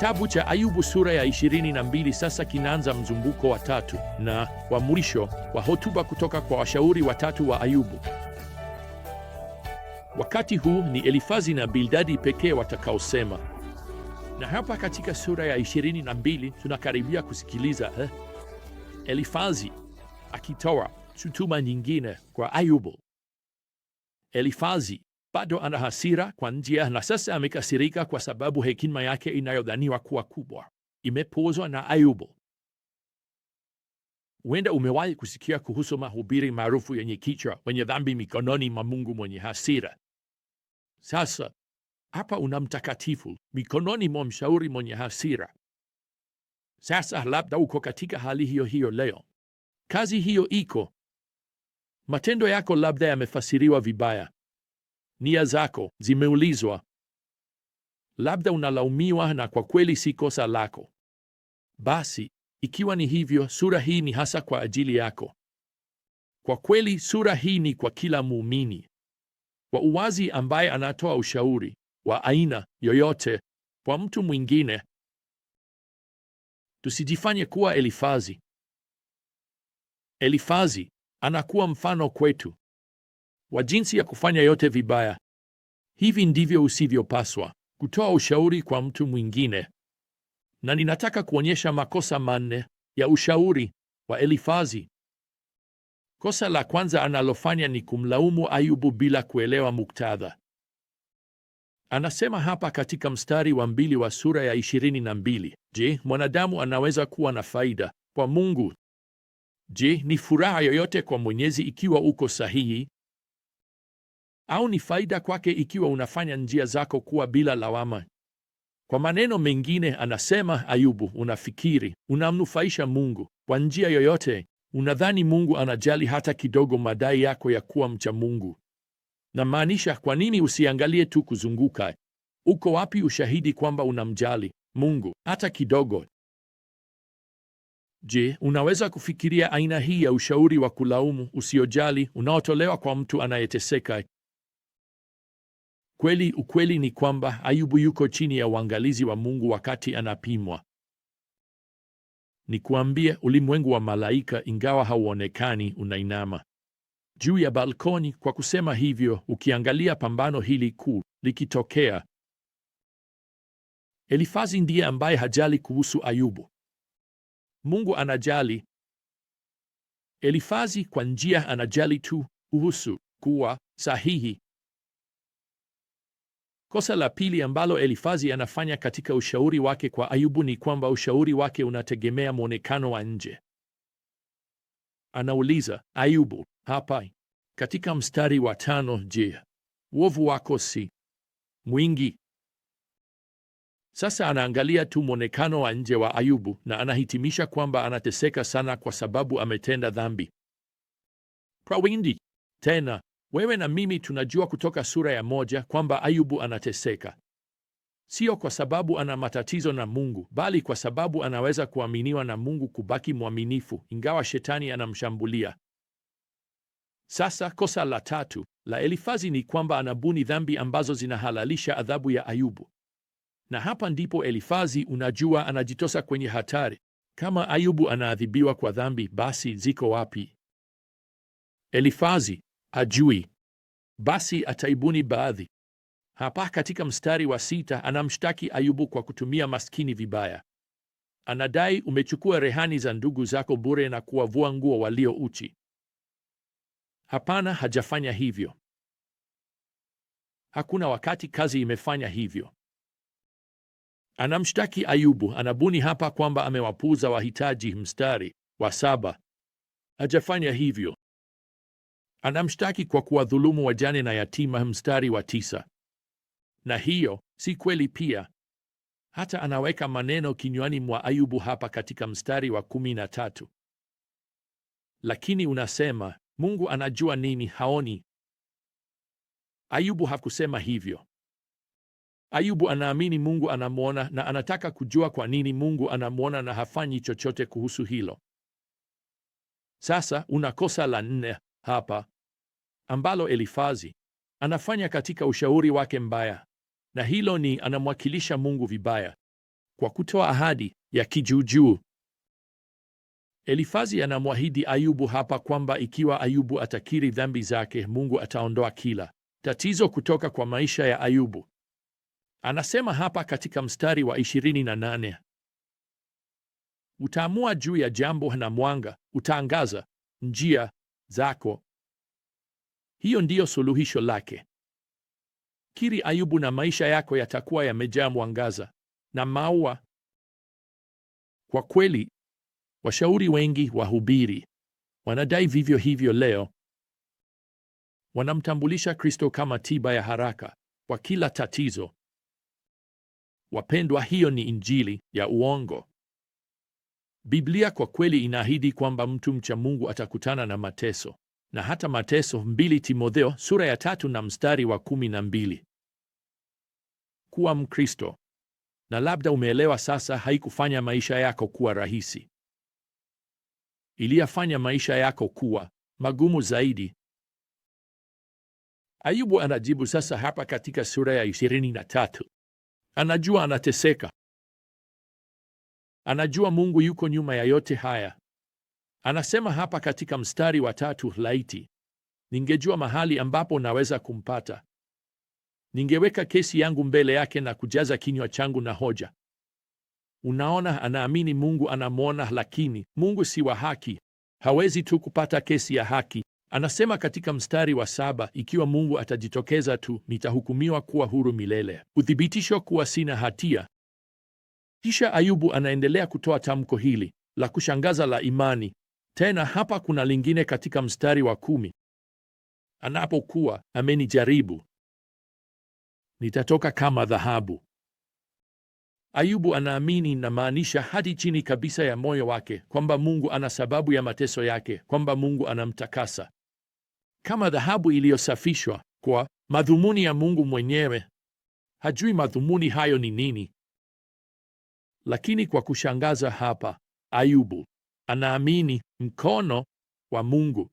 Kitabu cha Ayubu sura ya 22 sasa kinaanza mzunguko wa tatu na wa mwisho wa hotuba kutoka kwa washauri watatu wa Ayubu. Wakati huu ni Elifazi na Bildadi pekee watakaosema. Na hapa katika sura ya 22 tunakaribia kusikiliza eh, Elifazi akitoa shutuma nyingine kwa Ayubu. Elifazi bado ana hasira kwa njia, na sasa amekasirika kwa sababu hekima yake inayodhaniwa kuwa kubwa imepozwa na Ayubu. Huenda umewahi kusikia kuhusu mahubiri maarufu yenye kichwa wenye dhambi mikononi mwa Mungu mwenye hasira. Sasa hapa una mtakatifu mikononi mwa mshauri mwenye hasira. Sasa labda uko katika hali hiyo hiyo leo. Kazi hiyo iko, matendo yako labda yamefasiriwa vibaya nia zako zimeulizwa. Labda unalaumiwa na kwa kweli si kosa lako. Basi ikiwa ni hivyo, sura hii ni hasa kwa ajili yako. Kwa kweli sura hii ni kwa kila muumini kwa uwazi ambaye anatoa ushauri wa aina yoyote kwa mtu mwingine. Tusijifanye kuwa Elifazi. Elifazi anakuwa mfano kwetu wa jinsi ya kufanya yote vibaya. Hivi ndivyo usivyopaswa kutoa ushauri kwa mtu mwingine, na ninataka kuonyesha makosa manne ya ushauri wa Elifazi. Kosa la kwanza analofanya ni kumlaumu Ayubu bila kuelewa muktadha. Anasema hapa katika mstari wa mbili wa sura ya ishirini na mbili, je, mwanadamu anaweza kuwa na faida kwa Mungu? Je, ni furaha yoyote kwa Mwenyezi ikiwa uko sahihi? au ni faida kwake ikiwa unafanya njia zako kuwa bila lawama. Kwa maneno mengine, anasema Ayubu, unafikiri unamnufaisha Mungu kwa njia yoyote? Unadhani Mungu anajali hata kidogo madai yako ya kuwa mcha Mungu? Na maanisha, kwa nini usiangalie tu kuzunguka? Uko wapi ushahidi kwamba unamjali Mungu hata kidogo? Je, unaweza kufikiria aina hii ya ushauri wa kulaumu usiojali unaotolewa kwa mtu anayeteseka? Kweli, ukweli ni kwamba Ayubu yuko chini ya uangalizi wa Mungu wakati anapimwa. Nikuambie, ulimwengu wa malaika, ingawa hauonekani, unainama juu ya balkoni, kwa kusema hivyo, ukiangalia pambano hili kuu likitokea. Elifazi ndiye ambaye hajali kuhusu Ayubu. Mungu anajali. Elifazi kwa njia anajali tu kuhusu kuwa sahihi Kosa la pili ambalo Elifazi anafanya katika ushauri wake kwa Ayubu ni kwamba ushauri wake unategemea mwonekano wa nje. Anauliza Ayubu hapa katika mstari wa tano, je, uovu wako si mwingi? Sasa anaangalia tu mwonekano wa nje wa Ayubu na anahitimisha kwamba anateseka sana kwa sababu ametenda dhambi kwa wingi tena wewe na mimi tunajua kutoka sura ya moja kwamba Ayubu anateseka sio kwa sababu ana matatizo na Mungu, bali kwa sababu anaweza kuaminiwa na Mungu kubaki mwaminifu ingawa shetani anamshambulia. Sasa kosa la tatu la Elifazi ni kwamba anabuni dhambi ambazo zinahalalisha adhabu ya Ayubu, na hapa ndipo Elifazi, unajua, anajitosa kwenye hatari. Kama Ayubu anaadhibiwa kwa dhambi, basi ziko wapi Elifazi? hajui, basi ataibuni baadhi. Hapa katika mstari wa sita anamshtaki Ayubu kwa kutumia maskini vibaya. Anadai umechukua rehani za ndugu zako bure na kuwavua nguo walio uchi. Hapana, hajafanya hivyo. Hakuna wakati kazi imefanya hivyo. Anamshtaki Ayubu, anabuni hapa kwamba amewapuuza wahitaji. Mstari wa saba hajafanya hivyo. Anamshtaki kwa kuwadhulumu wajane na yatima, mstari wa tisa. Na hiyo si kweli pia. Hata anaweka maneno kinywani mwa Ayubu hapa katika mstari wa kumi na tatu. Lakini unasema Mungu anajua nini haoni? Ayubu hakusema hivyo. Ayubu anaamini Mungu anamwona na anataka kujua kwa nini Mungu anamwona na hafanyi chochote kuhusu hilo. Sasa una kosa la nne hapa ambalo Elifazi anafanya katika ushauri wake mbaya, na hilo ni anamwakilisha Mungu vibaya kwa kutoa ahadi ya kijuujuu. Elifazi anamwahidi Ayubu hapa kwamba ikiwa Ayubu atakiri dhambi zake, Mungu ataondoa kila tatizo kutoka kwa maisha ya Ayubu. Anasema hapa katika mstari wa 28, utaamua juu ya jambo na mwanga utaangaza njia zako. Hiyo ndiyo suluhisho lake. Kiri Ayubu, na maisha yako yatakuwa yamejaa mwangaza na maua. Kwa kweli, washauri wengi, wahubiri, wanadai vivyo hivyo leo. Wanamtambulisha Kristo kama tiba ya haraka kwa kila tatizo. Wapendwa, hiyo ni injili ya uongo. Biblia kwa kweli inaahidi kwamba mtu mcha Mungu atakutana na mateso na hata mateso. Mbili Timotheo sura ya tatu na mstari wa kumi na mbili. Kuwa Mkristo, na labda umeelewa sasa, haikufanya maisha yako kuwa rahisi, iliyafanya maisha yako kuwa magumu zaidi. Ayubu anajibu sasa hapa katika sura ya 23. Anajua anateseka, anajua Mungu yuko nyuma ya yote haya. Anasema hapa katika mstari wa tatu, laiti ningejua mahali ambapo naweza kumpata, ningeweka kesi yangu mbele yake na kujaza kinywa changu na hoja. Unaona, anaamini Mungu anamwona, lakini Mungu si wa haki, hawezi tu kupata kesi ya haki. Anasema katika mstari wa saba, ikiwa Mungu atajitokeza tu, nitahukumiwa kuwa huru milele, uthibitisho kuwa sina hatia. Kisha Ayubu anaendelea kutoa tamko hili la kushangaza la imani. Tena hapa kuna lingine katika mstari wa kumi, anapokuwa amenijaribu nitatoka kama dhahabu. Ayubu anaamini na maanisha hadi chini kabisa ya moyo wake kwamba Mungu ana sababu ya mateso yake, kwamba Mungu anamtakasa kama dhahabu iliyosafishwa kwa madhumuni ya Mungu mwenyewe. Hajui madhumuni hayo ni nini, lakini kwa kushangaza hapa Ayubu anaamini mkono wa Mungu.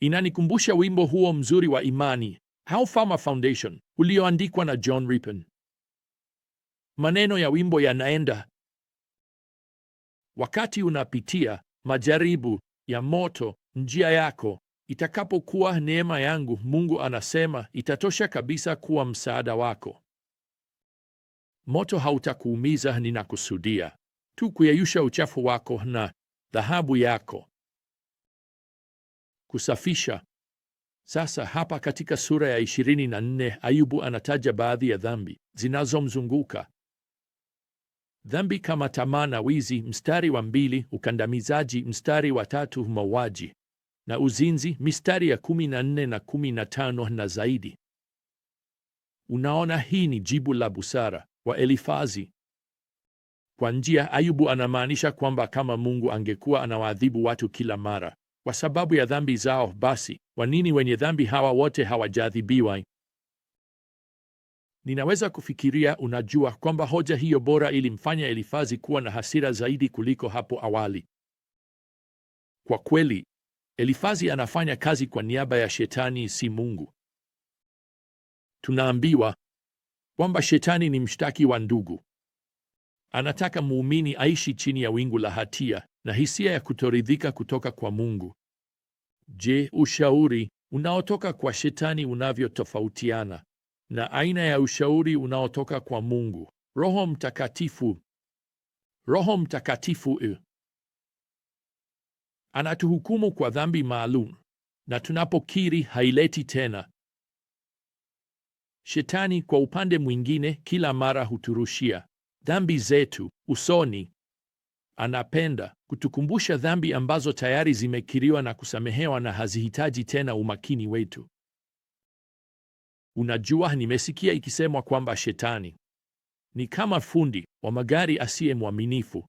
Inanikumbusha wimbo huo mzuri wa imani How Firm a Foundation ulioandikwa na John Rippon. Maneno ya wimbo yanaenda: wakati unapitia majaribu ya moto, njia yako itakapokuwa neema yangu, Mungu anasema, itatosha kabisa kuwa msaada wako. Moto hautakuumiza, ninakusudia tu kuyeyusha uchafu wako na dhahabu yako kusafisha. Sasa hapa katika sura ya 24 Ayubu anataja baadhi ya dhambi zinazomzunguka: dhambi kama tamaa na wizi, mstari wa mbili, ukandamizaji, mstari wa tatu, mauaji na uzinzi, mistari ya kumi na nne na na kumi tano na zaidi. Unaona, hii ni jibu la busara wa Elifazi kwa njia, Ayubu anamaanisha kwamba kama Mungu angekuwa anawaadhibu watu kila mara kwa sababu ya dhambi zao, basi kwa nini wenye dhambi hawa wote hawajaadhibiwa? Ninaweza kufikiria, unajua, kwamba hoja hiyo bora ilimfanya Elifazi kuwa na hasira zaidi kuliko hapo awali. Kwa kweli, Elifazi anafanya kazi kwa niaba ya Shetani, si Mungu. Tunaambiwa kwamba Shetani ni mshtaki wa ndugu. Anataka muumini aishi chini ya wingu la hatia na hisia ya kutoridhika kutoka kwa Mungu. Je, ushauri unaotoka kwa shetani unavyotofautiana na aina ya ushauri unaotoka kwa Mungu Roho Mtakatifu? Roho Mtakatifu e, anatuhukumu kwa dhambi maalum, na tunapokiri haileti tena. Shetani kwa upande mwingine, kila mara huturushia dhambi zetu usoni. Anapenda kutukumbusha dhambi ambazo tayari zimekiriwa na kusamehewa na hazihitaji tena umakini wetu. Unajua, nimesikia ikisemwa kwamba shetani ni kama fundi wa magari asiye mwaminifu.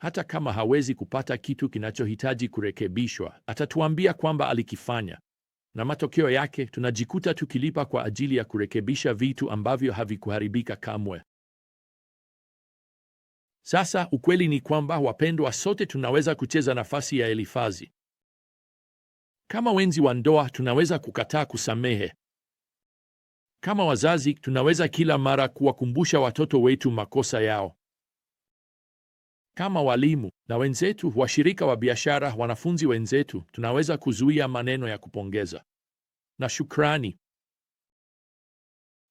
Hata kama hawezi kupata kitu kinachohitaji kurekebishwa, atatuambia kwamba alikifanya, na matokeo yake tunajikuta tukilipa kwa ajili ya kurekebisha vitu ambavyo havikuharibika kamwe. Sasa ukweli ni kwamba, wapendwa, sote tunaweza kucheza nafasi ya Elifazi. Kama wenzi wa ndoa, tunaweza kukataa kusamehe. Kama wazazi, tunaweza kila mara kuwakumbusha watoto wetu makosa yao. Kama walimu na wenzetu, washirika wa biashara, wanafunzi wenzetu, tunaweza kuzuia maneno ya kupongeza na shukrani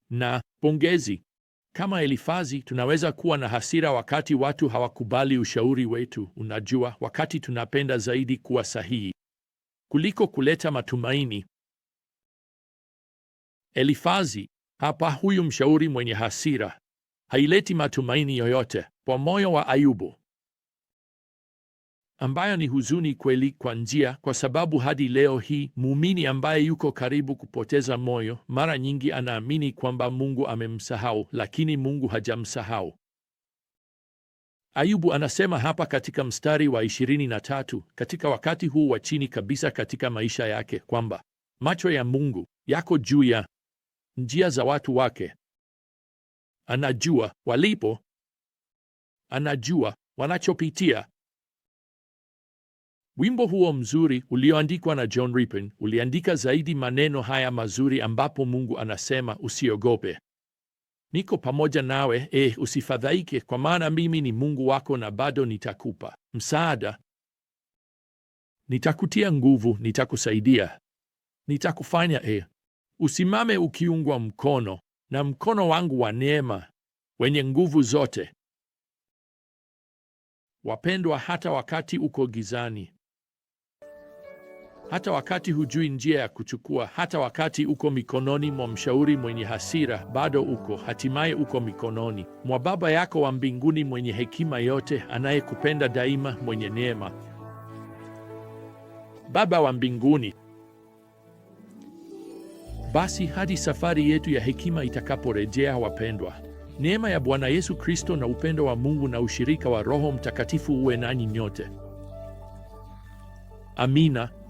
na pongezi. Kama Elifazi, tunaweza kuwa na hasira wakati watu hawakubali ushauri wetu. Unajua, wakati tunapenda zaidi kuwa sahihi kuliko kuleta matumaini. Elifazi hapa, huyu mshauri mwenye hasira, haileti matumaini yoyote kwa moyo wa Ayubu ambayo ni huzuni kweli kwa njia, kwa sababu hadi leo hii muumini ambaye yuko karibu kupoteza moyo mara nyingi anaamini kwamba Mungu amemsahau, lakini Mungu hajamsahau. Ayubu anasema hapa katika mstari wa 23 katika wakati huu wa chini kabisa katika maisha yake kwamba macho ya Mungu yako juu ya njia za watu wake. Anajua walipo, anajua wanachopitia. Wimbo huo mzuri ulioandikwa na John Rippin uliandika zaidi maneno haya mazuri ambapo Mungu anasema usiogope, niko pamoja nawe, eh, usifadhaike, kwa maana mimi ni Mungu wako na bado nitakupa msaada, nitakutia nguvu, nitakusaidia, nitakufanya eh, usimame ukiungwa mkono na mkono wangu wa neema wenye nguvu zote. Wapendwa, hata wakati uko gizani hata wakati hujui njia ya kuchukua, hata wakati uko mikononi mwa mshauri mwenye hasira, bado uko, hatimaye uko mikononi mwa Baba yako wa mbinguni mwenye hekima yote, anayekupenda daima, mwenye neema, Baba wa mbinguni. Basi hadi safari yetu ya hekima itakaporejea, wapendwa, neema ya Bwana Yesu Kristo na upendo wa Mungu na ushirika wa Roho Mtakatifu uwe nanyi nyote. Amina.